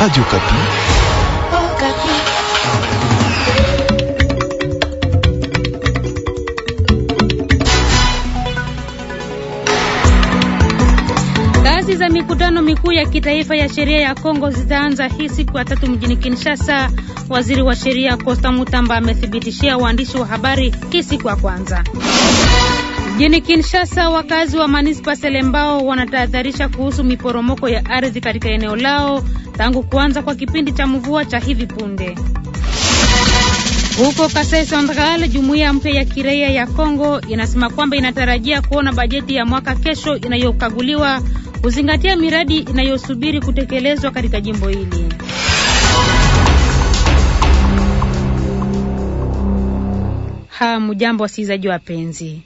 Radio Kapi. Oh, Kapi. Kazi za mikutano mikuu ya kitaifa ya sheria ya Kongo zitaanza hii siku ya tatu mjini Kinshasa. Waziri wa Sheria Costa Mutamba amethibitishia waandishi wa habari hii siku ya kwanza. Mjini Kinshasa, wakazi wa manispa Selembao wanatahadharisha kuhusu miporomoko ya ardhi katika eneo lao tangu kuanza kwa kipindi cha mvua cha hivi punde. Huko Kasai Central, jumuiya mpya ya kiraia ya Kongo inasema kwamba inatarajia kuona bajeti ya mwaka kesho inayokaguliwa kuzingatia miradi inayosubiri kutekelezwa katika jimbo hili. Hamjambo wasikilizaji wapenzi.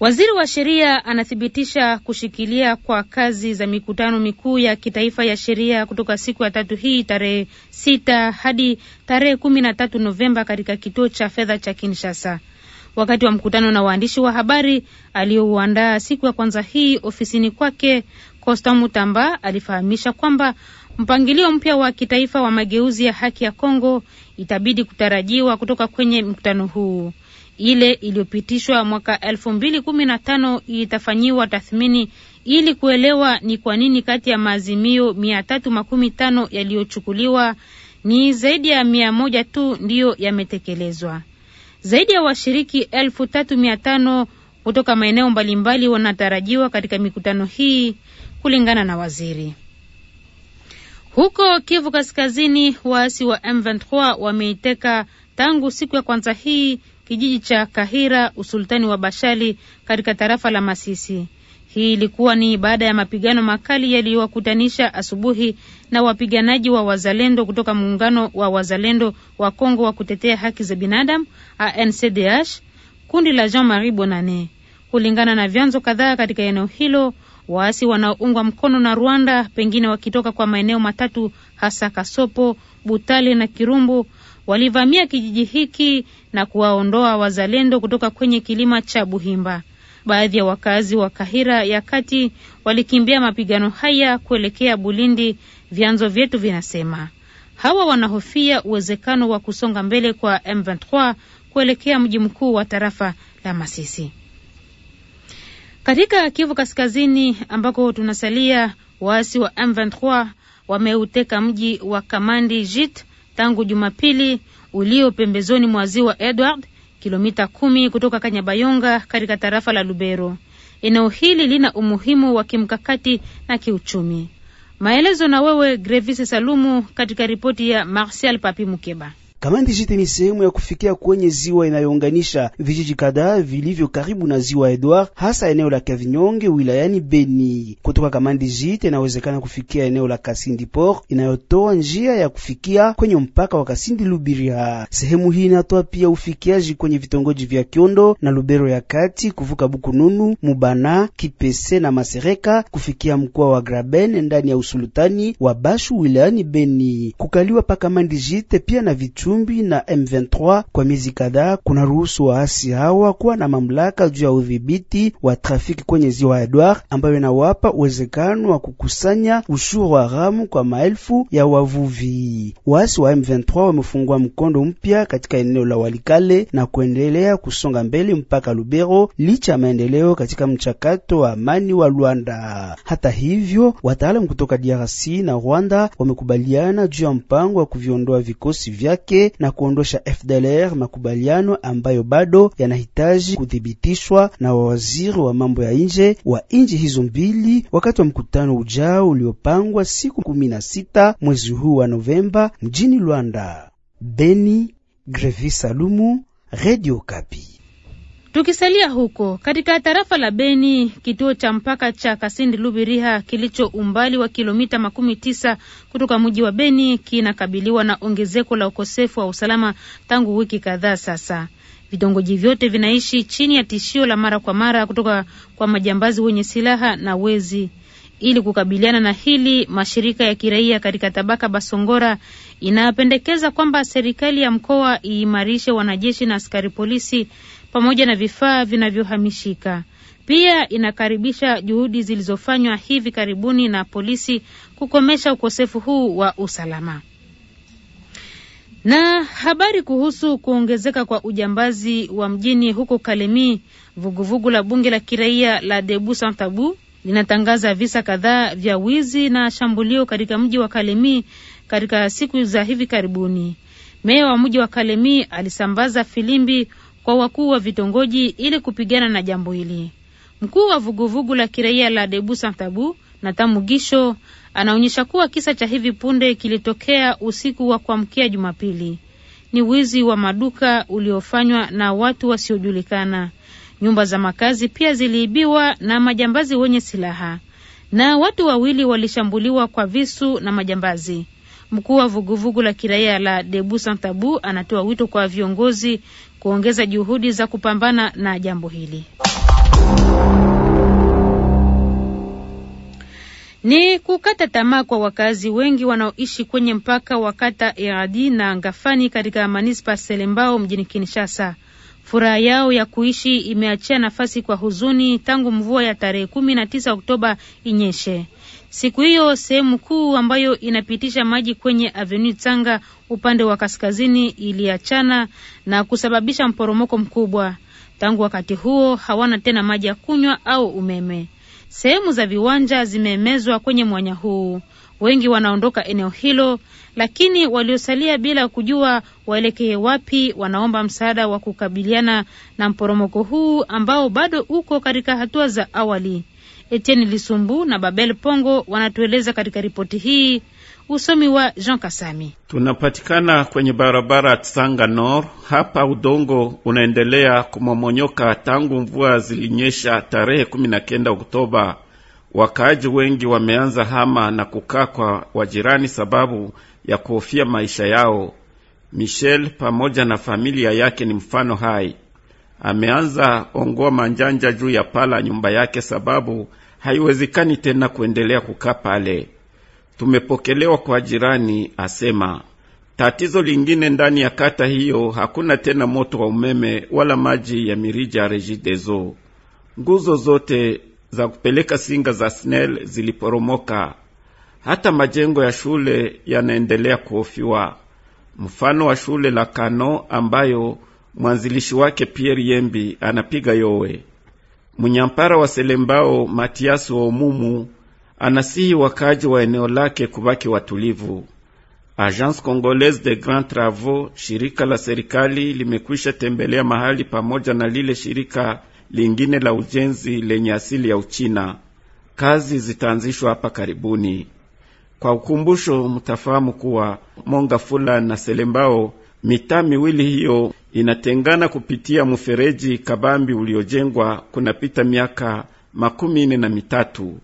Waziri wa sheria anathibitisha kushikilia kwa kazi za mikutano mikuu ya kitaifa ya sheria kutoka siku ya tatu hii tarehe sita hadi tarehe kumi na tatu Novemba katika kituo cha fedha cha Kinshasa. Wakati wa mkutano na waandishi wa habari aliyouandaa siku ya kwanza hii ofisini kwake, Costa Mutamba alifahamisha kwamba mpangilio mpya wa kitaifa wa mageuzi ya haki ya Kongo itabidi kutarajiwa kutoka kwenye mkutano huu. Ile iliyopitishwa mwaka elfu mbili kumi na tano itafanyiwa tathmini ili kuelewa ni kwa nini kati ya maazimio mia tatu makumi tano yaliyochukuliwa ni zaidi ya mia moja tu ndiyo yametekelezwa. Zaidi ya washiriki elfu tatu mia tano kutoka maeneo mbalimbali wanatarajiwa katika mikutano hii kulingana na waziri. Huko Kivu Kaskazini, waasi wa M23 wameiteka tangu siku ya kwanza hii kijiji cha Kahira, usultani wa Bashali katika tarafa la Masisi. Hii ilikuwa ni baada ya mapigano makali yaliyowakutanisha asubuhi na wapiganaji wa wazalendo kutoka muungano wa wazalendo wa Kongo wa kutetea haki za binadamu ANCDH, kundi la Jean Marie Bonane. Kulingana na vyanzo kadhaa katika eneo hilo, waasi wanaoungwa mkono na Rwanda, pengine wakitoka kwa maeneo matatu hasa Kasopo, Butale na Kirumbu, walivamia kijiji hiki na kuwaondoa wazalendo kutoka kwenye kilima cha Buhimba. Baadhi ya wakazi wa Kahira ya kati walikimbia mapigano haya kuelekea Bulindi, vyanzo vyetu vinasema. Hawa wanahofia uwezekano wa kusonga mbele kwa M23 kuelekea mji mkuu wa tarafa la Masisi. Katika Kivu Kaskazini ambako tunasalia, waasi wa M23 wameuteka mji wa Kamandi Jit tangu Jumapili ulio pembezoni mwa ziwa Edward, kilomita kumi kutoka Kanyabayonga katika tarafa la Lubero. Eneo hili lina umuhimu wa kimkakati na kiuchumi. Maelezo na wewe Grevis Salumu katika ripoti ya Martial Papi Mukeba. Kamandi Jite ni sehemu ya kufikia kwenye ziwa inayounganisha vijiji kadhaa vilivyo karibu na ziwa Edward, hasa eneo la Kavinyonge wilayani Beni. Kutoka Kamandi Jite inawezekana kufikia eneo la Kasindi Port inayotoa njia ya kufikia kwenye mpaka wa Kasindi Lubiria. Sehemu hii inatoa pia ufikiaji kwenye vitongoji vya Kiondo na Lubero ya kati kuvuka Bukununu, Mubana, Kipese na Masereka kufikia mkoa wa Graben ndani ya usultani wa Bashu wilayani Beni. Kukaliwa pa Kamandi Jite pia na vitu Gishumbi na M23 kwa miezi kadhaa ruhusu waasi hawa kuwa na mamlaka juu ya udhibiti wa trafiki kwenye ziwa Edward, ambayo inawapa uwezekano wa kukusanya ushuru haramu kwa maelfu ya wavuvi. Waasi wa M23 wamefungua mkondo mpya katika eneo la Walikale na kuendelea kusonga mbele mpaka Lubero, licha ya maendeleo katika mchakato wa amani wa Luanda. Hata hivyo, wataalamu kutoka DRC na Rwanda wamekubaliana juu ya mpango wa kuviondoa vikosi vyake yake na kuondosha FDLR, makubaliano ambayo bado yanahitaji kuthibitishwa na waziri wa mambo ya nje wa nchi hizo mbili wakati wa mkutano ujao uliopangwa siku 16 mwezi huu wa Novemba mjini Luanda. Beni, Grevi Salumu, Radio Kapi. Tukisalia huko katika tarafa la Beni, kituo cha mpaka cha Kasindi Lubiriha kilicho umbali wa kilomita makumi tisa kutoka mji wa Beni kinakabiliwa na ongezeko la ukosefu wa usalama tangu wiki kadhaa sasa. Vitongoji vyote vinaishi chini ya tishio la mara kwa mara kutoka kwa majambazi wenye silaha na wezi. Ili kukabiliana na hili, mashirika ya kiraia katika tabaka Basongora inapendekeza kwamba serikali ya mkoa iimarishe wanajeshi na askari polisi pamoja na vifaa vinavyohamishika. Pia inakaribisha juhudi zilizofanywa hivi karibuni na polisi kukomesha ukosefu huu wa usalama. Na habari kuhusu kuongezeka kwa ujambazi wa mjini huko Kalemi, vuguvugu la bunge la kiraia la Debu Santabu linatangaza visa kadhaa vya wizi na shambulio katika mji wa Kalemi katika siku za hivi karibuni. Meya wa mji wa Kalemi alisambaza filimbi kwa wakuu wa vitongoji ili kupigana na jambo hili. Mkuu wa vuguvugu la kiraia la Debu Santabu na tamu gisho anaonyesha kuwa kisa cha hivi punde kilitokea usiku wa kuamkia Jumapili. Ni wizi wa maduka uliofanywa na watu wasiojulikana. Nyumba za makazi pia ziliibiwa na majambazi wenye silaha, na watu wawili walishambuliwa kwa visu na majambazi. Mkuu wa vuguvugu la kiraia la Debu Santabu anatoa wito kwa viongozi kuongeza juhudi za kupambana na jambo hili. Ni kukata tamaa kwa wakazi wengi wanaoishi kwenye mpaka wa kata Iradi na Ngafani katika manispa Selembao mjini Kinshasa. Furaha yao ya kuishi imeachia nafasi kwa huzuni tangu mvua ya tarehe kumi na tisa Oktoba inyeshe. Siku hiyo sehemu kuu ambayo inapitisha maji kwenye Avenue Tanga upande wa kaskazini iliachana na kusababisha mporomoko mkubwa. Tangu wakati huo hawana tena maji ya kunywa au umeme. Sehemu za viwanja zimeemezwa kwenye mwanya huu. Wengi wanaondoka eneo hilo, lakini waliosalia bila kujua waelekee wapi, wanaomba msaada wa kukabiliana na mporomoko huu ambao bado uko katika hatua za awali. Etienne Lisumbu na Babel Pongo wanatueleza katika ripoti hii. Usomi wa Jean Kasami. Tunapatikana kwenye barabara Tsanga Nor. Hapa udongo unaendelea kumomonyoka tangu mvua zilinyesha tarehe 19 Oktoba. Wakaaji wengi wameanza hama na kukaa kwa wajirani sababu ya kuhofia maisha yao. Michel pamoja na familia yake ni mfano hai ameanza ongoa manjanja juu ya pala nyumba yake, sababu haiwezekani tena kuendelea kukaa pale. Tumepokelewa kwa jirani, asema tatizo lingine ndani ya kata hiyo, hakuna tena moto wa umeme wala maji ya mirija ya Regideso. Nguzo zote za kupeleka singa za SNEL ziliporomoka. Hata majengo ya shule yanaendelea kuhofiwa, mfano wa shule la Kano ambayo mwanzilishi wake Pierre Yembi anapiga yowe. Munyampara wa Selembao Matias wa Omumu anasihi wakaji wa eneo lake kubaki watulivu. Agence Congolaise de grand Travaux, shirika la serikali, limekwisha tembelea mahali pamoja na lile shirika lingine la ujenzi lenye asili ya Uchina. Kazi zitaanzishwa hapa karibuni. Kwa ukumbusho, mtafahamu kuwa Monga Fula na Selembao Mitaa miwili hiyo inatengana kupitia mfereji kabambi uliojengwa kunapita miaka makumi ine na mitatu.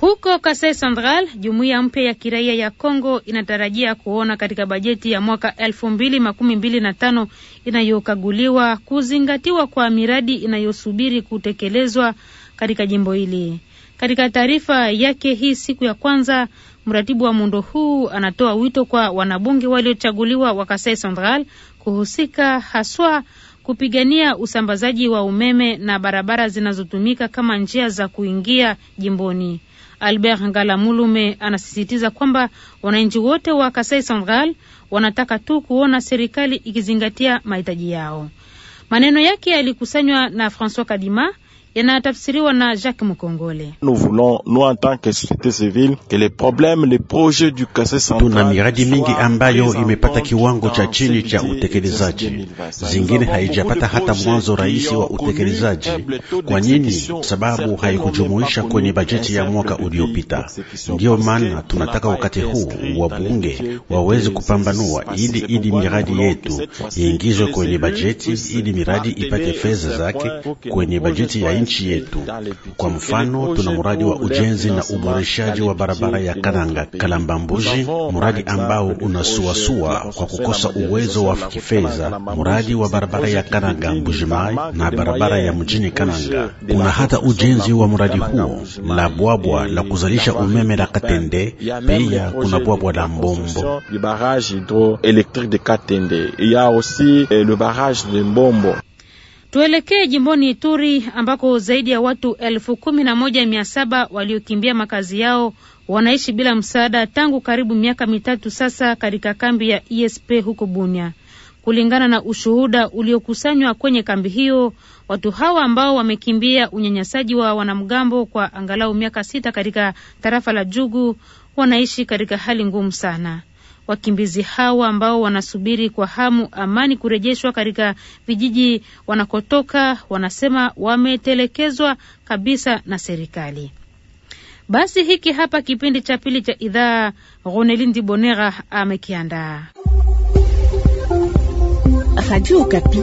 Huko Kasai Central, jumuiya mpya ya kiraia ya Kongo inatarajia kuona katika bajeti ya mwaka elfu mbili makumi mbili na tano inayokaguliwa kuzingatiwa kwa miradi inayosubiri kutekelezwa katika jimbo hili. Katika taarifa yake hii siku ya kwanza, Mratibu wa muundo huu anatoa wito kwa wanabunge waliochaguliwa wa Kasai Central kuhusika haswa kupigania usambazaji wa umeme na barabara zinazotumika kama njia za kuingia jimboni. Albert Ngalamulume anasisitiza kwamba wananchi wote wa Kasai Central wanataka tu kuona serikali ikizingatia mahitaji yao. Maneno yake yalikusanywa na Francois Kadima yanatafsiriwa na Jacques Mkongole. Tuna miradi mingi ambayo imepata kiwango cha chini cha utekelezaji, zingine haijapata hata mwanzo rahisi wa utekelezaji. Kwa nini? Sababu haikujumuisha kwenye bajeti ya mwaka uliopita. Ndiyo maana tunataka wakati huu wabunge waweze kupambanua ili ili miradi yetu iingizwe kwenye bajeti, ili miradi ipate fedha zake kwenye bajeti ya nchi yetu. Kwa mfano, tuna mradi wa ujenzi na uboreshaji wa barabara ya Kananga Kalamba Mbuji, mradi ambao unasuasua kwa kukosa uwezo wa kifedha, mradi wa barabara ya Kananga Mbujimai Mai na barabara ya mjini Kananga. Kuna hata ujenzi wa mradi huo la bwabwa la kuzalisha umeme la Katende, pia kuna bwabwa la Mbombo. Le barrage hydroélectrique de Katende. Il y a aussi eh, le barrage de Mbombo. Tuelekee jimboni Ituri ambako zaidi ya watu elfu kumi na moja mia saba waliokimbia makazi yao wanaishi bila msaada tangu karibu miaka mitatu sasa katika kambi ya ESP huko Bunia. Kulingana na ushuhuda uliokusanywa kwenye kambi hiyo, watu hawa ambao wamekimbia unyanyasaji wa wanamgambo kwa angalau miaka sita katika tarafa la Jugu wanaishi katika hali ngumu sana. Wakimbizi hawa ambao wanasubiri kwa hamu amani kurejeshwa katika vijiji wanakotoka, wanasema wametelekezwa kabisa na serikali. Basi hiki hapa kipindi cha pili cha idhaa. Ronelindi Bonera amekiandaa. Radio Okapi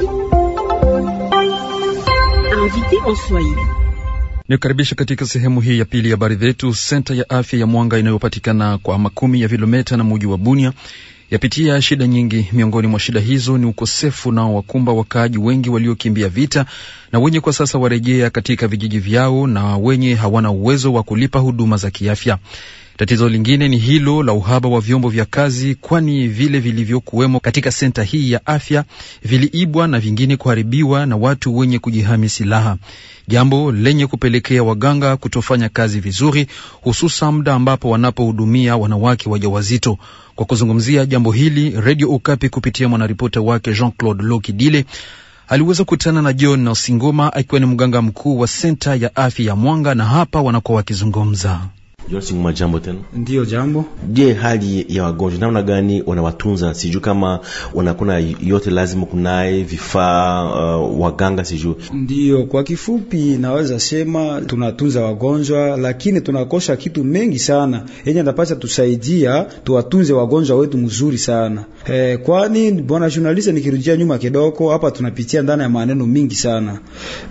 invité en Swahili Nikukaribisha katika sehemu hii ya pili ya habari zetu. Senta ya afya ya Mwanga inayopatikana kwa makumi ya vilometa na muji wa Bunia yapitia shida nyingi. Miongoni mwa shida hizo ni ukosefu nao wakumba wakaaji wengi waliokimbia vita na wenye kwa sasa warejea katika vijiji vyao na wenye hawana uwezo wa kulipa huduma za kiafya. Tatizo lingine ni hilo la uhaba wa vyombo vya kazi, kwani vile vilivyokuwemo katika senta hii ya afya viliibwa na vingine kuharibiwa na watu wenye kujihami silaha, jambo lenye kupelekea waganga kutofanya kazi vizuri, hususan muda ambapo wanapohudumia wanawake wajawazito. Kwa kuzungumzia jambo hili, Redio Ukapi kupitia mwanaripota wake Jean Claude Lokidile aliweza kukutana na John na akiwa ni mganga mkuu wa senta ya afya ya Mwanga, na hapa wanakuwa wakizungumza. Johnson jambo tena. Ndio jambo. Je, hali ya wagonjwa namna gani wanawatunza? Sijui kama wanakuna yote lazima kunaye vifaa uh, waganga sijui. Ndio, kwa kifupi naweza sema tunatunza wagonjwa, lakini tunakosha kitu mengi sana yenye napasa tusaidia tuwatunze wagonjwa wetu mzuri sana. E, kwani bwana journalist, nikirudia nyuma kidogo hapa tunapitia ndani ya maneno mingi sana.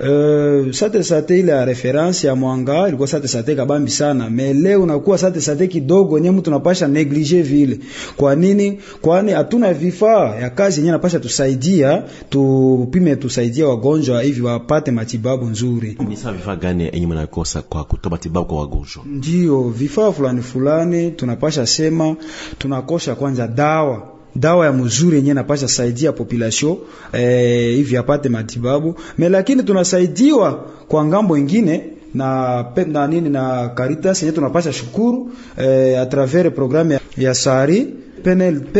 E, sate sate ile ya reference ya mwanga ilikuwa sate sate kabambi sana mele leo unakuwa sate sate kidogo yenye mtu unapasha neglige vile. Kwa nini? Kwani hatuna vifaa ya kazi yenye napasha tusaidia, tupime tusaidia wagonjwa hivi wapate matibabu nzuri. Ni sawa vifaa gani yenye mnakosa kwa kutoa matibabu kwa wagonjwa? Ndio, vifaa fulani fulani tunapasha sema tunakosha kwanza dawa dawa ya mzuri yenye napasha saidia population eh, hivi apate matibabu me, lakini tunasaidiwa kwa ngambo ingine na penda nini na Caritas yenye tunapasha shukuru eh, a travers programme ya Sahari PNLP.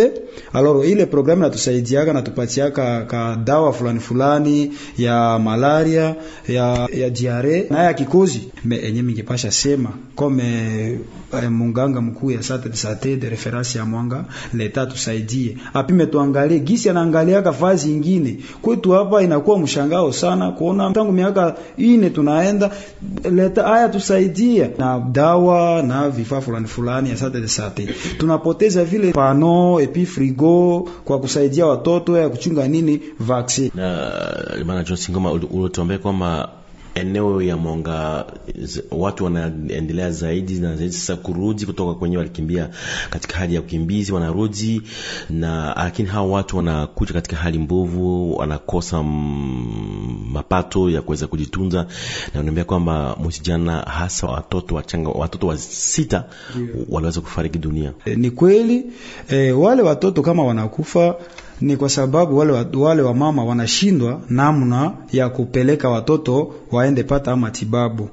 Alors ile programu natusaidiaka natupatiaka ka dawa fulani fulani ya malaria ya, ya diare na ya kikozi me enye mingepasha sema kome eh, munganga mkuu ya sate de sate de reference ya mwanga leta tusaidie, apime tuangalie gisi anaangaliaka fazi ingine kwetu hapa. Inakuwa mshangao sana kuona tangu miaka ine tunaenda leta haya tusaidie na dawa na vifaa fulani fulani ya sate de sate tunapoteza vile pa canon epi frigo kwa kusaidia watoto ya kuchunga nini vaksi na limana Johnson Ngoma ulotuambia kwamba eneo ya Mwanga watu wanaendelea zaidi na zaidi sasa kurudi kutoka kwenye walikimbia katika hali ya ukimbizi, wanarudi na lakini hao watu wanakuja katika hali mbovu, wanakosa mapato ya kuweza kujitunza, na unaambia kwamba mwezi jana hasa watoto wachanga, watoto wa sita yeah, waliweza kufariki dunia. E, ni kweli e, wale watoto kama wanakufa ni kwa sababu wale, wale mama wanashindwa namna ya kupeleka watoto waende pata matibabu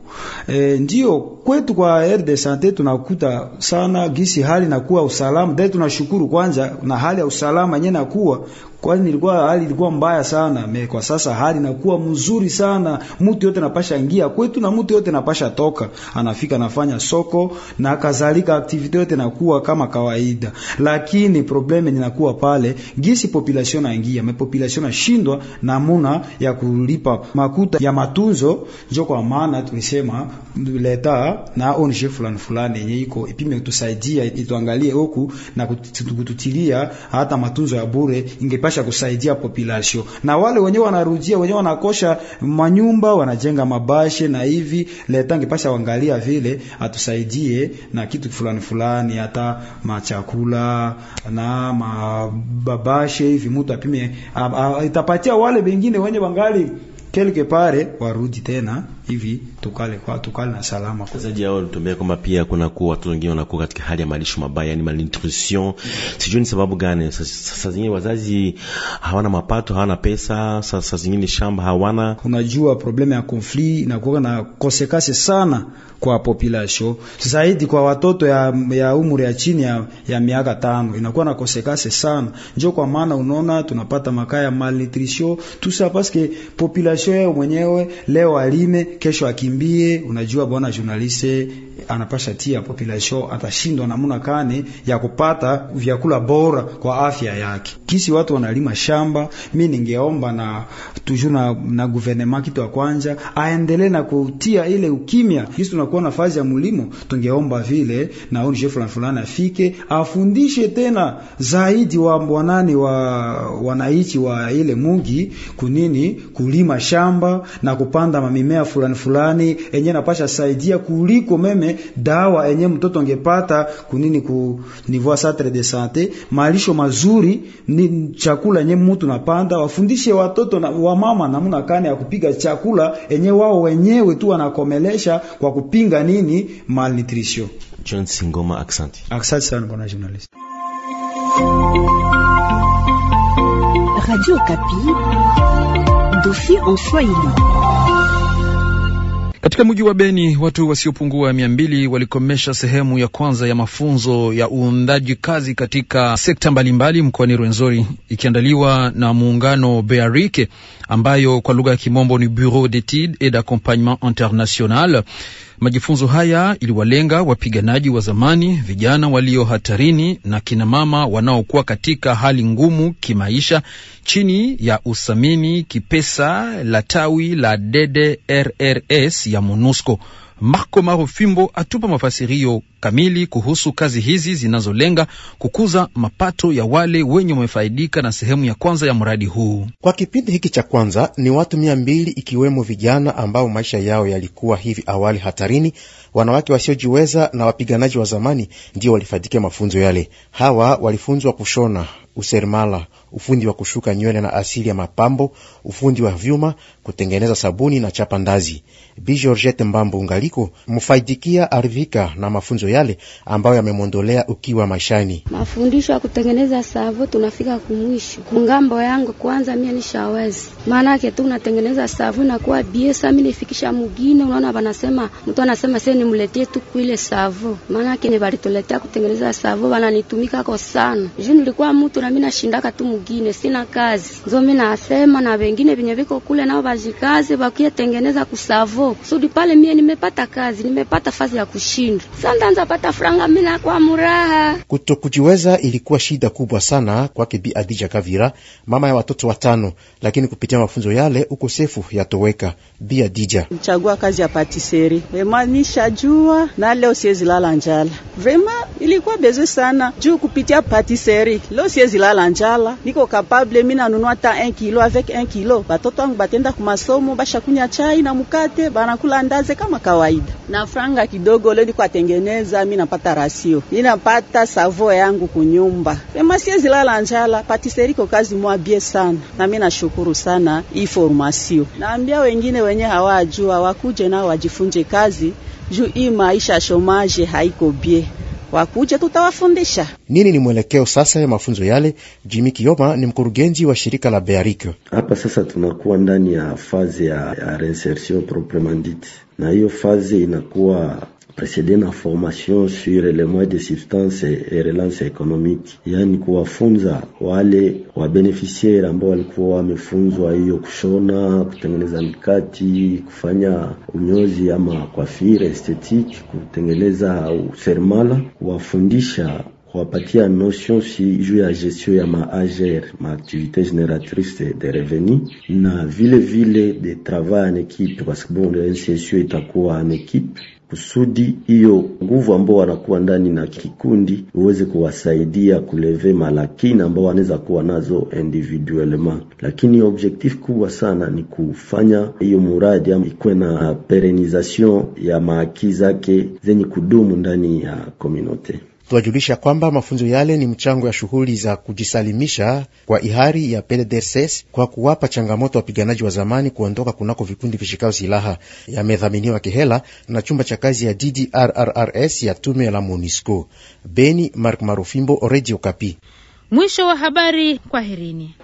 e, ndio kwetu kwa RD Sante tunakuta sana gisi hali nakuwa usalama dai tunashukuru kwanza na hali ya usalama yenyewe nakuwa kwani nilikuwa hali ilikuwa mbaya sana me, kwa sasa hali inakuwa mzuri sana. Mtu yote anapasha ingia kwetu na mtu yote anapasha toka, anafika anafanya soko na kadhalika, activity yote inakuwa kama kawaida, lakini probleme inakuwa pale gisi population inaingia, me population nashindwa namuna ya kulipa makuta ya matunzo, njo kwa maana tulisema leta na ONG fulani fulani yenye iko ipime kutusaidia ituangalie huku na kututilia hata matunzo ya bure ingepa wanapasha kusaidia population, na wale wenyewe wanarudia wenyewe wanakosha manyumba wanajenga mabashe na hivi leta ngepasha wangalia vile atusaidie na kitu fulani fulani, hata machakula na mababashe hivi, mtu apime itapatia wale wengine wenye wangali kelke pare warudi tena hivi tukale kwa tukale na salama. Zaidi yao walitumia kwamba pia kuna kuwa watu wengine wanakuwa katika hali ya malisho mabaya, yani malnutrition. Sijui ni sababu gani. Sasa zingine wazazi hawana mapato, hawana pesa, sasa zingine shamba hawana. Unajua problema ya conflict inakuwa na kosekase sana kwa population, zaidi kwa watoto ya, ya umri ya chini ya, ya miaka tano inakuwa na kosekase sana, njo kwa maana unaona tunapata makaya malnutrition tusa que population yao mwenyewe leo alime kesho akimbie. Unajua bwana journaliste anapasha tia population, atashindwa namna kani ya kupata vyakula bora kwa afya yake, kisi watu wanalima shamba. Mi ningeomba na toujours na, na gouvernement kitu ya kwanja aendelee na kutia ile ukimya, kisi tunakuwa na fazi ya mulimo. Tungeomba vile na onje fulani fulani afike afundishe tena zaidi wa mbwanani wa wananchi wa ile mugi kunini kulima shamba na kupanda mamimea fulani fulani enye napasha saidia kuliko meme dawa enye mtoto angepata kunini ku niveau centre de santé malisho mazuri ni chakula enye mtu napanda, wafundishe watoto na, wa wamama namna kani ya kupiga chakula enye wao wenyewe tu wanakomelesha kwa kupinga nini malnutrition. John Singoma, aksanti. Aksanti sana bwana journalist. Radio Kapi, dofi en Swahili. Katika mji wa Beni watu wasiopungua mia mbili walikomesha sehemu ya kwanza ya mafunzo ya uundaji kazi katika sekta mbalimbali mkoani Rwenzori ikiandaliwa na muungano Bearike ambayo kwa lugha ya kimombo ni Bureau d'etude et d'Accompagnement International. Majifunzo haya iliwalenga wapiganaji wa zamani, vijana walio hatarini na kinamama wanaokuwa katika hali ngumu kimaisha chini ya usamini kipesa la tawi la DDRRS ya MONUSCO. Marco Maro Fimbo atupa mafasirio kamili kuhusu kazi hizi zinazolenga kukuza mapato ya wale wenye wamefaidika na sehemu ya kwanza ya mradi huu. Kwa kipindi hiki cha kwanza ni watu mia mbili ikiwemo vijana ambao maisha yao yalikuwa hivi awali hatarini, wanawake wasiojiweza na wapiganaji wa zamani ndio walifaidika mafunzo yale. Hawa walifunzwa kushona useremala, ufundi wa kushuka nywele na asili ya mapambo, ufundi wa vyuma, kutengeneza sabuni na chapa ndazi. Bi Georgette Mbambo Ngaliko mfaidikia arvika na mafunzo yale ambayo yamemwondolea ukiwa maishani. Mafundisho ya kutengeneza savo, tunafika kumwisho kungambo yangu kwanza, mie nishawezi maanake tu unatengeneza savo nakuwa biesa, mi nifikisha mugine. Unaona vanasema mtu anasema se nimletee tu kuile savo, maanake ni valituletea kutengeneza savo, vananitumikako sana ju nilikuwa mutu na mimi nashindaka tu mwingine, sina kazi nzo mimi nasema, na wengine venye viko kule nao vajikaze bakie tengeneza kusavo Sudi pale. Mie nimepata kazi, nimepata fazi ya kushinda sandanza pata franga mimi na kwa muraha. Kutokujiweza ilikuwa shida kubwa sana kwake Bi Adija Kavira, mama ya watoto watano, lakini kupitia mafunzo yale ukosefu yatoweka. Bi Adija mchagua kazi ya patiseri vema, nishajua na leo siwezi lala njala vema, ilikuwa beze sana juu kupitia patiseri leo siwezi siwezi lala njala, niko kapable mimi nanunua ta 1 kilo avec 1 kilo. Batoto wangu batenda ku masomo, basha kunya chai na mukate, banakula ndaze kama kawaida. Na franga kidogo leo niko atengeneza, mimi napata rasio, ninapata savo yangu kunyumba. sema eh, siwezi lala njala, patisserie ko kazi mwa bien sana, na mimi nashukuru sana hii formation. Naambia wengine wenye hawajua wakuje nao wajifunze kazi juu hii maisha shomaje haiko bien wakuja tutawafundisha nini. Ni mwelekeo sasa ya mafunzo yale. Jimi Kioma ni mkurugenzi wa shirika la Bearike. Hapa sasa tunakuwa ndani ya fazi ya, ya reinsertion proprement na hiyo fazi inakuwa Précédemment, formation sur les moyens de substance et relance ekonomiki, yaani kuwafunza wale wabeneficiari ambao walikuwa wamefunzwa hiyo kushona, kutengeneza mikati, kufanya unyozi ama coiffure esthétique, kutengeneza useremala, kuwafundisha kuwapatia notion si juu ya gestion ya ma activité génératrice de revenu na vile vile de travail en équipe, parce que bon, le NCSU itakuwa en équipe. kusudi hiyo nguvu ambao wanakuwa ndani na kikundi uweze kuwasaidia kuleve malakini ambao wanaweza kuwa nazo individuellement, lakini objectif kubwa sana ni kufanya hiyo muradi ikuwe na perenization ya maaki zake zenye kudumu ndani ya community. Twajulisha kwamba mafunzo yale ni mchango ya shughuli za kujisalimisha kwa ihari ya PDDRCS kwa kuwapa changamoto wapiganaji wa zamani kuondoka kunako vikundi vishikao silaha. Yamedhaminiwa kihela na chumba cha kazi ya DDRRRS ya tume la MONUSCO. Beni, Mark Marufimbo, Radio Kapi. Mwisho wa habari, kwaherini.